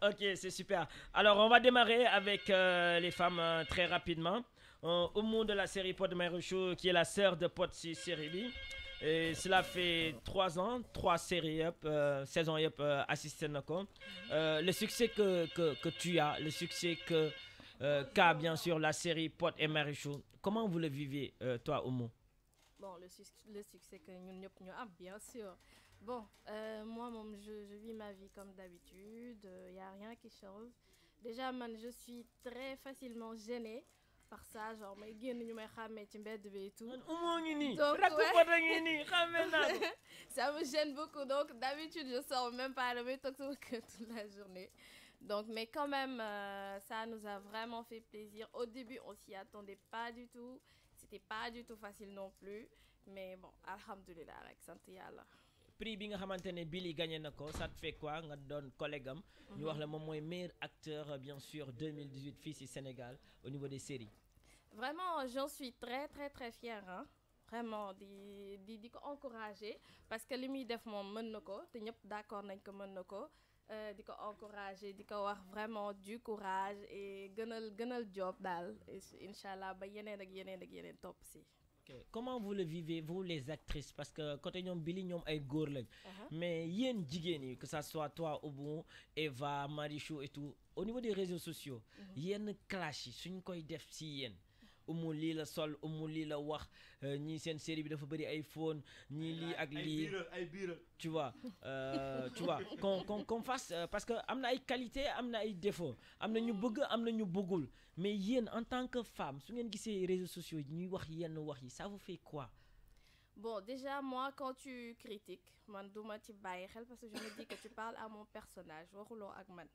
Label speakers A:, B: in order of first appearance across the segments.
A: Ok, c'est super. Alors, on va démarrer avec euh, les femmes euh, très rapidement. Euh, de la série Pot de Marichou, qui est la sœur de Pot 6 Série Et cela fait 3 ans, 3 séries up, euh, saison up assisté le succès que, que, que, tu as, le succès que qu'a bien sûr la série Pot et Marichou, comment vous le vivez, toi, au Bon,
B: le, succès que nous avons, bien sûr. Bon, euh, moi, mon, je, vis ma vie comme d'habitude. Il euh, n'y a rien qui change. Déjà, je suis très facilement gênée par ça. Genre, mais gueule, nous me et tout. ça me gêne beaucoup. Donc, d'habitude, je sors même pas à la que toute la journée. Donc, mais quand même, euh, ça nous a vraiment fait plaisir. Au début, on s'y attendait pas du tout. C'était pas du tout facile non plus. Mais bon, alhamdoulilah, avec santé Allah
A: prix bi nga xamante ne Billy gagné na ko ça te fait quoi nga doon collègue am. ñu wax la moom mooy meilleur acteur euh, bien sûr 2018 fii du Sénégal au niveau des séries.
B: vraiment j'en suis très très très fière hein. vraiment d'encourager encourager parce que li def mon mën t'es ko d'accord nañ ko mën na ko. Euh, encourager di wax vraiment du courage et gënal gënal job dal, incha allah ba yeneen ak yeneen ak yeneen si
A: comment vous le vivez vous les actrices parce que côté un Billy ñoom ay góor uh-huh. mais a des yi que ça soit toi Oumou Eva Marichou et tout au niveau des réseaux sociaux. Uh-huh. y clash yi suñ koy def umu lii sol umu lii la wax euh, ñii seen série bi dafa bëri ay phone ñii ak tu vois euh, tu vois qu'on qu'on qu'on fasse euh, parce que am ay qualité am ay défaut am na ñu bëgg am na ñu bëggul mais yéen en tant que femme su ngeen gisee réseaux sociaux yi ñuy wax yenn wax yi ça vous fait quoi
B: Bon, déjà, moi, quand tu critiques, parce que je me dis que tu parles à mon personnage, Roulon Agman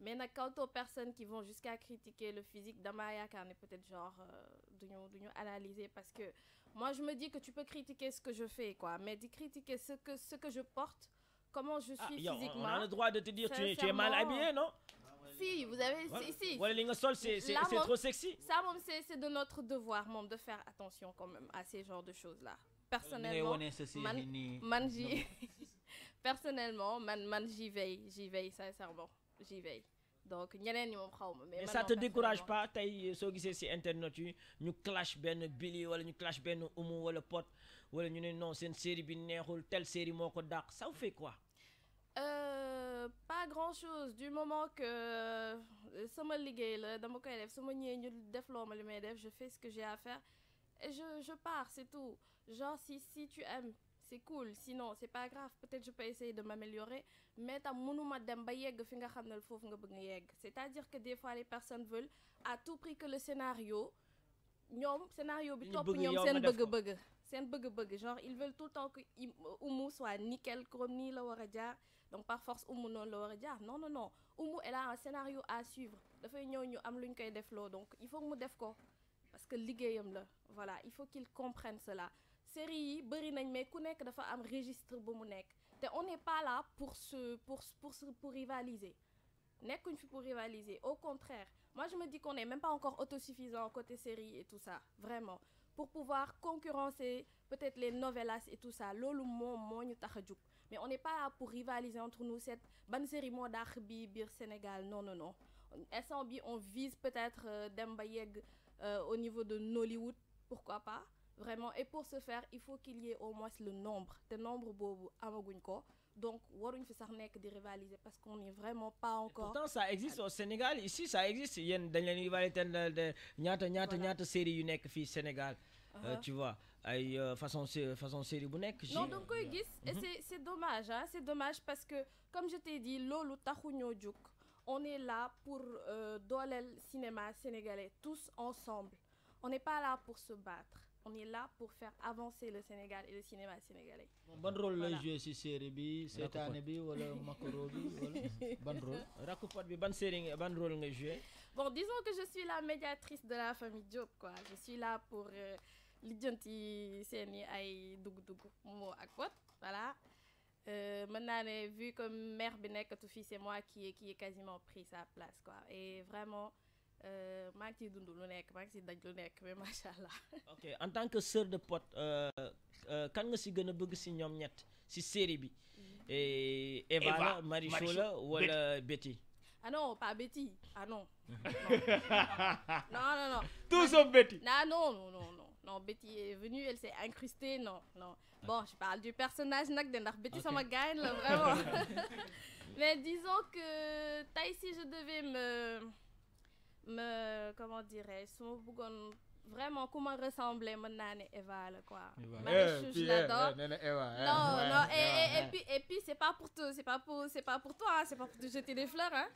B: mais quant aux personnes qui vont jusqu'à critiquer le physique d'Amaya on est peut-être genre euh, d'union analyser parce que moi je me dis que tu peux critiquer ce que je fais quoi mais dit critiquer ce que ce que je porte comment je suis physiquement ah, on a le droit de te dire que tu es mal habillé non si vous avez si c'est trop sexy ça c'est de notre devoir monde de faire attention quand même à ces genres de choses là personnellement man personnellement man man j'y veille j'y veille sincèrement j'y vais donc ñeneen a rien Mais, mais ça te décourage
A: pas taille soo ce ci internet yi nous clash Ben Billy ou ñu clash Ben Oumou wala pote wala ñu le non une série binaire ou telle série moi, ça vous fait quoi.
B: Euh, pas grand chose du moment que euh, sama la dama koy def sama ñu je fais ce que j'ai à faire et je je pars c'est tout genre si si tu aimes c'est cool sinon c'est pas grave peut-être je peux essayer de m'améliorer mais tu mënuma dem ba yegg fi nga xam c'est-à-dire que des fois les personnes veulent à tout prix que le scénario nyom scénario bi topp ñoom bug bug, bëgg bug. bëgg genre ils veulent tout le temps que umu soit nickel comme ni la war donc par force umu non, la war non non non umu elle a un scénario à suivre ñu am koy donc il faut mu def ko parce que liggéeyam la voilà il faut qu'il comprenne cela série mais ku dafa am on n'est pas là pour se pour pour pour rivaliser fi pour rivaliser au contraire moi je me dis qu'on n'est même pas encore autosuffisant côté série et tout ça vraiment pour pouvoir concurrencer peut-être les novellas et tout ça mais on n'est pas là pour rivaliser entre nous cette bonne série moi, bi Sénégal non non non instant on vise peut-être euh, dem euh, au niveau de Nollywood pourquoi pas vraiment et pour ce faire il faut qu'il y ait au moins le nombre le nombre bobo donc waruñ fi sax nekk rivaliser parce qu'on n'est vraiment pas encore. pourtant ça existe
A: au Sénégal ici ça existe Il y dañ des rivalité de y a des série yu nekk fii Sénégal.
B: Euh, uh-huh. tu
A: vois ay euh, façon façon série bu non donc,
B: et mhm. c'est c'est dommage hein. c'est dommage parce que comme je t'ai dit lolo on est là pour euh, le cinéma sénégalais tous ensemble on n'est pas là pour se battre on est là pour faire avancer le Sénégal et le cinéma sénégalais.
A: Bon rôle le jouer ci série bi sétane bi wala Makoro bi wala ban rôle Rakoupat bi ban série ban rôle nga jouer
B: Bon disons que je suis la médiatrice de la famille Diop quoi. Je suis là pour euh, l'identité séni ay dugg-dugg mo ak wat voilà. Euh, maintenant, vu que mère Benek Toufi, c'est moi qui ai, qui ai quasiment pris sa place. Quoi. Et vraiment, euh, maa ngi ciy dund lu
A: ok en tant que sœur de que euh, euh, kan nga si si série mm. Eva la la Betty.
B: ah non pas Betty ah non. non non non. Betty. Ah non non non non Betty est venue elle s'est incrustée non non bon je parle du personnage nag de ndax Betty sama gagne vraiment mais disons que ici je devais me comment dirais-je vraiment comment ressembler Mon Eva quoi. je eh, eh, l'adore hein. non non et puis et puis c'est pas pour tout c'est pas pour c'est pas pour toi c'est pas pour te jeter des fleurs hein.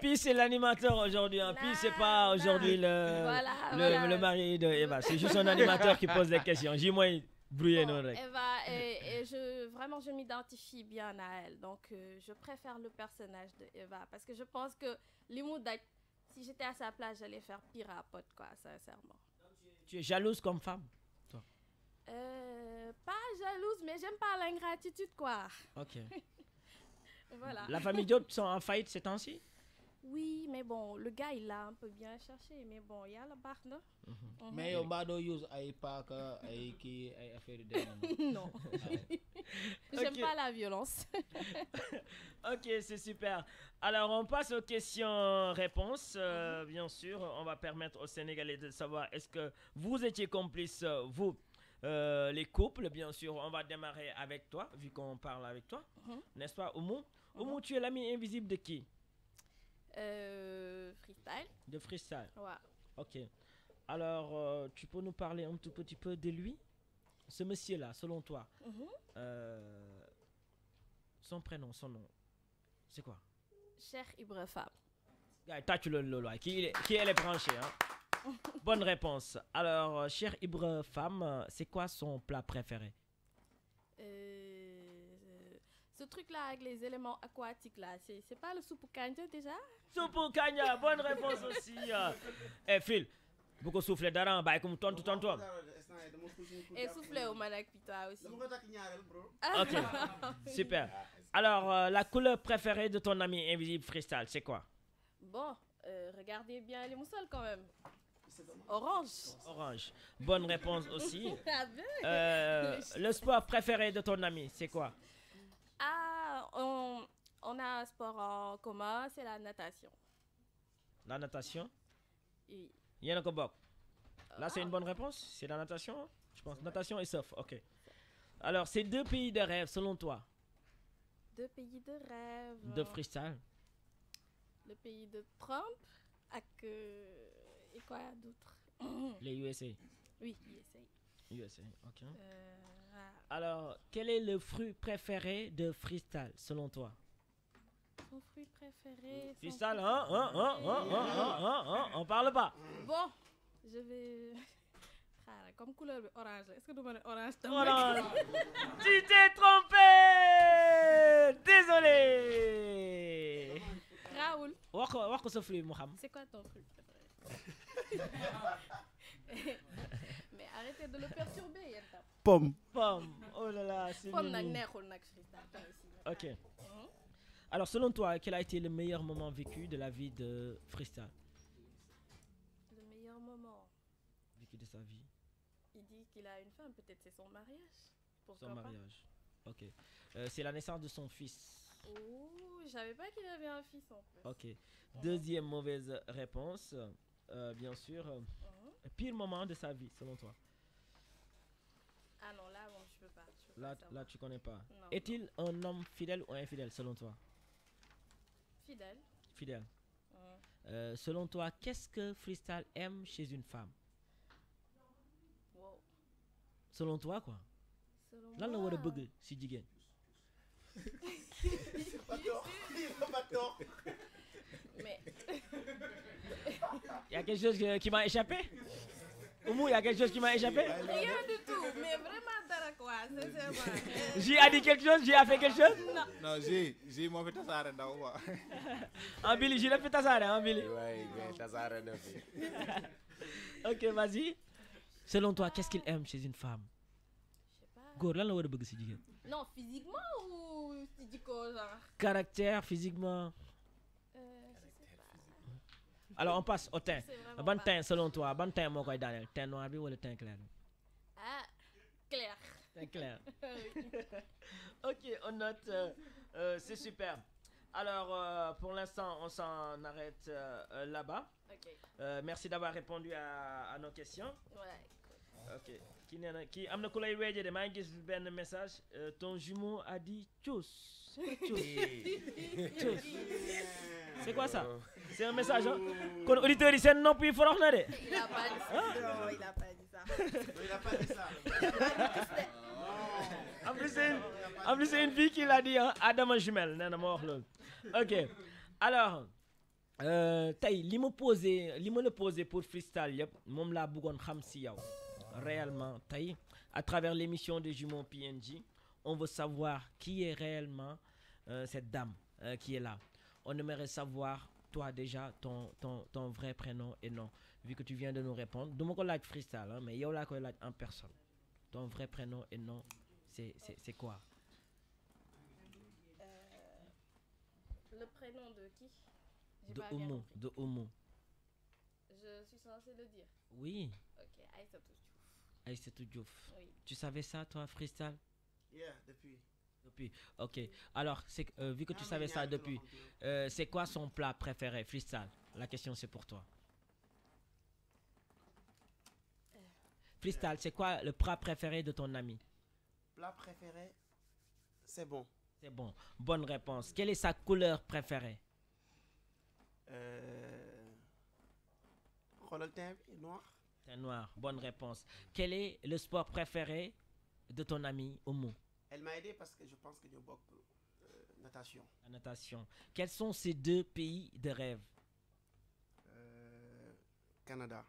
B: puis c'est
A: l'animateur aujourd'hui hein puis c'est pas aujourd'hui le. le mari de Eva c'est juste un animateur qui pose des questions j'ai moins brouillé non
B: Eva et et je vraiment je m'identifie bien à elle donc euh, je préfère le personnage de Eva parce que je pense que L'humour si j'étais à sa place, j'allais faire pire à pote, quoi, sincèrement.
A: Tu es jalouse comme femme toi.
B: Euh, pas jalouse, mais j'aime pas l'ingratitude, quoi. Ok. voilà. La famille
A: Diop sont en faillite ces temps-ci
B: oui, mais bon, le gars, il a un peu bien cherché, mais bon, il y a la barre, non mhm. Mhm. Mais on pas
A: qui de
B: Non. J'aime pas la violence.
A: Ok, c'est super. Alors, on passe aux questions-réponses. Euh, mhm. bien sûr, on va permettre aux Sénégalais de savoir est-ce que vous étiez complice, euh, vous, euh, les couples, bien sûr. On va démarrer avec toi, vu qu'on parle avec toi. Mhm. N'est-ce pas, Oumou mhm. Oumou, tu es l'ami invisible de qui
B: euh, Freestyle.
A: De Freestyle Ouais. Ok. Alors, tu peux nous parler un tout petit peu de lui Ce monsieur-là, selon toi. son prénom, son nom. C'est quoi Cher Ibra T'as tu le lolo. Qui, elle est branchée hein? Bonne réponse. Alors, euh, cher ibre Femme, euh, c'est quoi son plat préféré
B: euh, Ce truc-là avec les éléments aquatiques, là, c'est pas le soupe kanja déjà
A: Soupe kanja, bonne réponse aussi. Et fils. Eh, Phil, Beaucoup souffler d'aran bah écoute, ko toi
B: et souffler au aussi. ok
A: super alors euh, la couleur préférée de ton ami invisible freestyle c'est quoi.
B: bon euh, regardez bien les moussoles quand même. Orange.
A: Orange. Bonne réponse aussi. Ah, ben. Euh, le sport préféré de ton ami, c'est quoi
B: Ah, on, on, a un sport en commun, c'est la natation.
A: La natation Oui en a ko bokk. Là, c'est une ah. bonne réponse. C'est la natation, je pense. Natation et sauf. ok. Alors, c'est deux pays de rêve, selon toi
B: Deux pays de rêve. De freestyle. Le pays de Trump et quoi d'autre Les USA. Oui, USA.
A: USA, ok.
B: Euh, ah.
A: Alors, quel est le fruit préféré de freestyle, selon toi
B: son fruit préféré. Freestyle,
A: hein, hein, hein, hein, hein, hein on parle pas.
B: Bon, je vais. Comme couleur orange, est-ce que tu m'as orange Orange Tu t'es
A: trompé Désolé
B: Raoul. C'est quoi ton fruit Mais arrêtez de le perturber, Yenta.
A: Pomme. Pomme. Oh là là, c'est Pomme Ok. Hum? Alors, selon toi, quel a été le meilleur moment vécu de la vie de Freestyle de sa vie
B: Il dit qu'il a une femme, peut-être c'est son mariage. son mariage.
A: ok. Euh, c'est la naissance de son fils.
B: pas qu'il avait un fils
A: Ok. Deuxième mauvaise réponse, euh, bien sûr. Mhm. Pire moment de sa vie, selon toi
B: Ah là, je peux pas. là, là, tu connais pas. Est-il
A: un homme fidèle ou infidèle, selon toi Fidèle. Fidèle. Mhm. Euh, selon toi, qu'est-ce que Freestyle aime chez une femme selon toi quoi
B: Non, on voit le bëgg
A: si jigéen.
B: pas tort pas tort. mais.
A: Il y a quelque chose qui m'a échappé. Oumou, il y a quelque chose qui m'a échappé. rien du tout mais vraiment
B: dara quoi j'ai
A: dit quelque chose j'ai fait quelque chose. non non j'ai moi fait ta tasaare ndaw quoi. en Billy j'ai la fi tasaare Ouais Billy. ouais mais tasaare fi. ok vas-y selon toi qu'est-ce qu'il aime chez une femme. Gore, lan la war
B: non physiquement ou si genre.
A: caractère physiquement. Euh,
B: alors on passe au teint Bon teint selon
A: toi bon teint mon koy Daniel. teint noir bi wala teint clair
B: ah clair. teint clair.
A: ok on note euh, euh c'est superbe. Alors, euh, pour l'instant, on s'en arrête euh, euh, là-bas. merci d'avoir répondu à, nos questions. Ouais. Ok. Qui n'a qui amna message ton jumeau a dit tchuss. C'est quoi ça oh. C'est un message hein Quand l'auditeur il non, puis il na Il n'a
B: pas dit ça. Hein? Non, il n'a pas dit ça. il n'a pas dit ça. En plus, oh.
A: c'est une, une fille qui l'a dit, hein, Adam Jumel, non, non, ok. Alors, euh, taï, li posé li posé pour freestyle yep, mom la bëggoon xam si réellement taï. à travers l'émission de jumeaux PNJ on veut savoir qui est réellement euh, cette dame euh, qui est là. On aimerait savoir, toi déjà, ton, ton, vrai prénom et nom, vu que tu viens de nous répondre. Donc, on freestyle, hein, mais il y a en personne. Ton vrai prénom et nom, c'est quoi
B: Le prénom de qui de Homo. de Je suis censée le dire. Oui. Ok,
A: Aïssatou c'est Tu savais ça, toi, Freestyle Yeah, depuis. Depuis, ok. Alors, euh, vu que tu ah, savais ça depuis, euh, c'est quoi son plat préféré, Freestyle La question, c'est pour toi. Euh. Freestyle, c'est quoi le plat préféré de ton ami Plat préféré, c'est bon. C'est bon, bonne réponse. Quelle est sa couleur préférée euh... noir. noir, bonne réponse. Quel est le sport préféré de ton ami Oumu Elle m'a aidé parce que je pense que je bosse euh, natation. natation. Quels sont ces deux pays de rêve euh, Canada.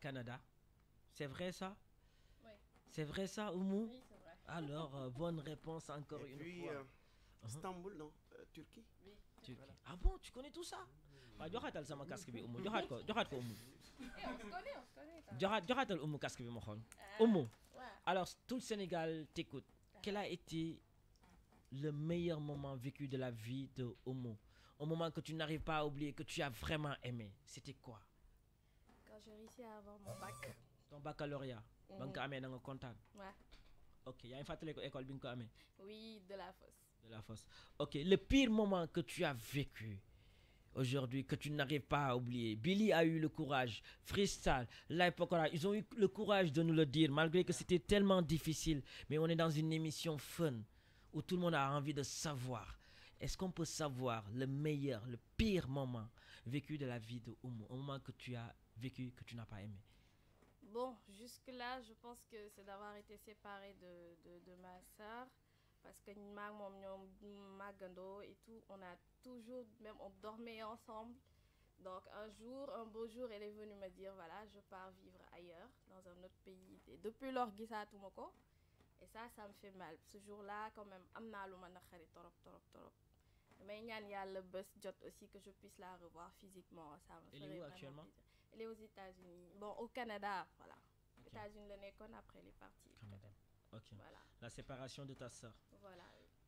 A: Canada. C'est vrai ça Oui. C'est vrai ça, Oumu Oui, c'est vrai. Alors, euh, bonne réponse encore une fois. Uh-huh. Istanbul non euh, Turquie. Turquie ah bon tu connais tout ça. waaw mm. bah, joxaatal sama casque bi umu mm-hmm. joxaat ko se ko umu.
B: Eh, se
A: connaît. umu casque bi ma ah, xool. umu alors tout le Sénégal t'écoute. quel a été le meilleur moment vécu de la vie de Omo Au moment que tu n'arrives pas à oublier, que tu as vraiment aimé, c'était quoi
B: Quand j'ai réussi à avoir mon bac.
A: Ton baccalauréat mm -hmm. Donc, amé, dans le contact Ouais. Ok, il y a une fatale école, Amé
B: Oui, de la fosse
A: la Ok, le pire moment que tu as vécu aujourd'hui, que tu n'arrives pas à oublier. Billy a eu le courage, Freestyle, Lipokora, ils ont eu le courage de nous le dire, malgré que c'était tellement difficile. Mais on est dans une émission fun, où tout le monde a envie de savoir. Est-ce qu'on peut savoir le meilleur, le pire moment vécu de la vie de Oumu, un moment que tu as vécu, que tu n'as pas aimé
B: Bon, jusque-là, je pense que c'est d'avoir été séparé de, de, de ma sœur parce que Magando et tout, on a toujours, même on dormait ensemble. Donc un jour, un beau jour, elle est venue me dire, voilà, je pars vivre ailleurs, dans un autre pays. Et depuis lors, Gisa Tumoko. Et ça, ça me fait mal. Ce jour-là, quand même, amna torop, torop, torop. Mais il y a le bus jot aussi que je puisse la revoir physiquement. Ça elle est où actuellement Elle est aux États-Unis. Bon, au Canada, voilà. Okay. États-Unis, le Nekon, après, elle est partie. Ok. Voilà.
A: La séparation de ta soeur. Voilà.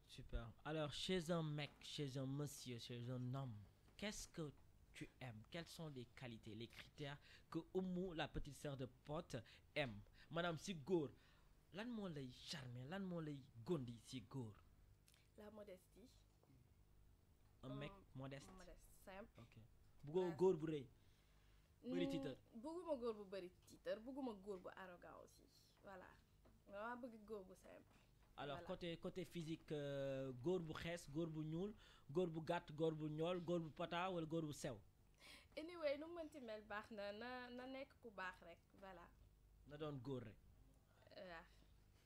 A: Super. Alors, chez un mec, chez un monsieur, chez un homme, qu'est-ce que tu aimes Quelles sont les qualités, les critères que Oumou, la petite sœur de pote, aime Madame Sigour, lan moo lay charmer lan moo lay gondi si
B: la modestie.
A: un mec modeste.
B: modeste simple. ok
A: bëggoo góor bu rëy.
B: bëri mm, tiitër bëgguma góor bu bëri tiitër gour góor bu arrogant aussi voilà. Alors bëgg góor
A: alors côté côté physique euh, góor bu xees góor bu ñuul góor bu gàtt góor bu ñool góor bu pata wala góor bu sew
B: anyway nu mënti mel baax na na na nekk ku baax rek voilà
A: na doon góor rek waaw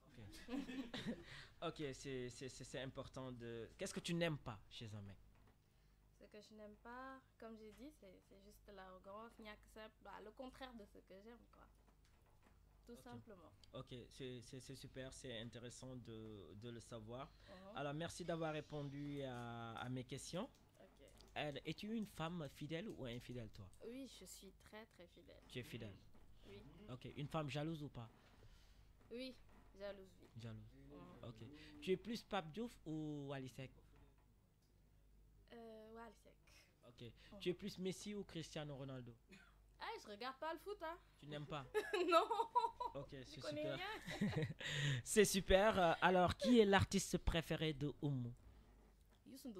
A: ok ok c'est c'est c'est important de qu'est-ce que tu n'aimes pas chez un mec
B: ce que je n'aime pas comme j'ai dit c'est juste l'arrogance ñàkk le contraire de ce que j'aime quoi tout simplement.
A: Ok, c'est super, c'est intéressant de, le savoir. Uh-huh. Alors, merci d'avoir répondu à, mes questions. Es-tu une femme fidèle ou infidèle, toi
B: Oui, je suis très, très fidèle. Tu es fidèle Oui. Ok,
A: une femme jalouse ou pas
B: Oui, jalouse. Oui. Jalouse. Uh-huh.
A: Ok. Tu es plus Pape Diouf ou Walisek
B: euh, Walisek.
A: Ok. Tu es plus Messi ou Cristiano Ronaldo
B: je regarde pas le foot, hein. Tu n'aimes pas Non.
A: c'est super. Euh, alors, qui est l'artiste préféré de Oumu Youssou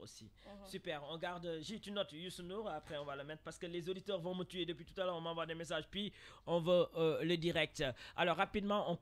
A: aussi. Uh-huh. Super, on garde, euh, j'ai une note Youssou après on va la mettre parce que les auditeurs vont me tuer depuis tout à l'heure, on m'envoie des messages, puis on veut le direct. Alors rapidement, on